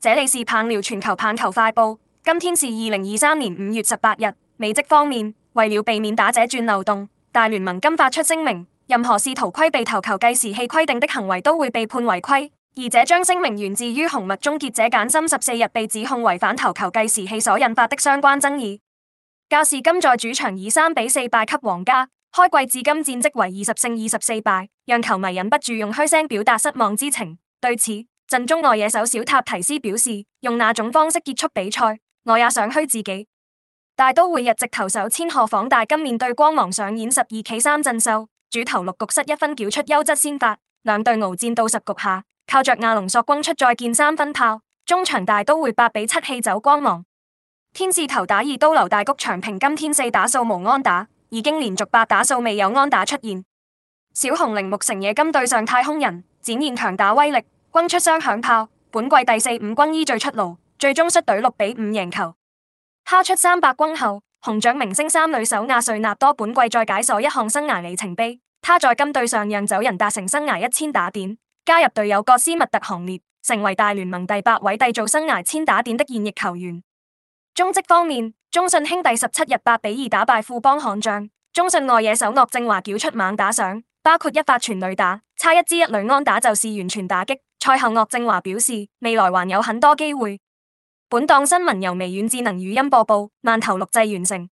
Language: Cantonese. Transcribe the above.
這裏是棒聊全球棒球快報，今天是二零二三年五月十八日。美職方面，為了避免打者轉漏洞，大聯盟今發出聲明，任何試圖規避投球計時器規定的行為都會被判違規。而這張聲明源自於紅襪終結者簡森十四日被指控違反投球計時器所引發的相關爭議。教士今在主場以三比四敗給皇家，開季至今戰績為二十勝二十四敗，讓球迷忍不住用噓聲表達失望之情。對此，陣中外野手小塔提斯表示，用那種方式結束比賽，我也想虛自己，大都會日籍投手千賀滉大今面對光芒上演十二企三振秀，主投六局失一分，繳出優質先發。兩隊鏖戰到十局下，靠着亞龍索轟出再見三分炮，中場大都會八比七氣走光芒。天使投打二刀流大谷翔平今天四打數無安打，已經連續八打數未有安打出現。小熊鈴木誠也今對上太空人，展現強打威力。轟出雙響炮，本季第四五轟依序出爐，最終率隊六比五贏球。他出三百轟後，紅雀明星三壘手亞瑞納多本季再解鎖一項生涯里程碑，他在金隊上讓走人達成生涯一千打點，加入隊友各斯密特行列，成為大聯盟第八位締造生涯千打點的現役球員。中職方面，中信兄弟十七日八比二打敗富邦悍將，中信外野手岳政華繳出猛打賞，包括一發全壘打，差一支一壘安打就是完全打擊。賽後，岳正華表示，未來還有很多機會。本檔新聞由微軟智能語音播報，饅頭錄製完成。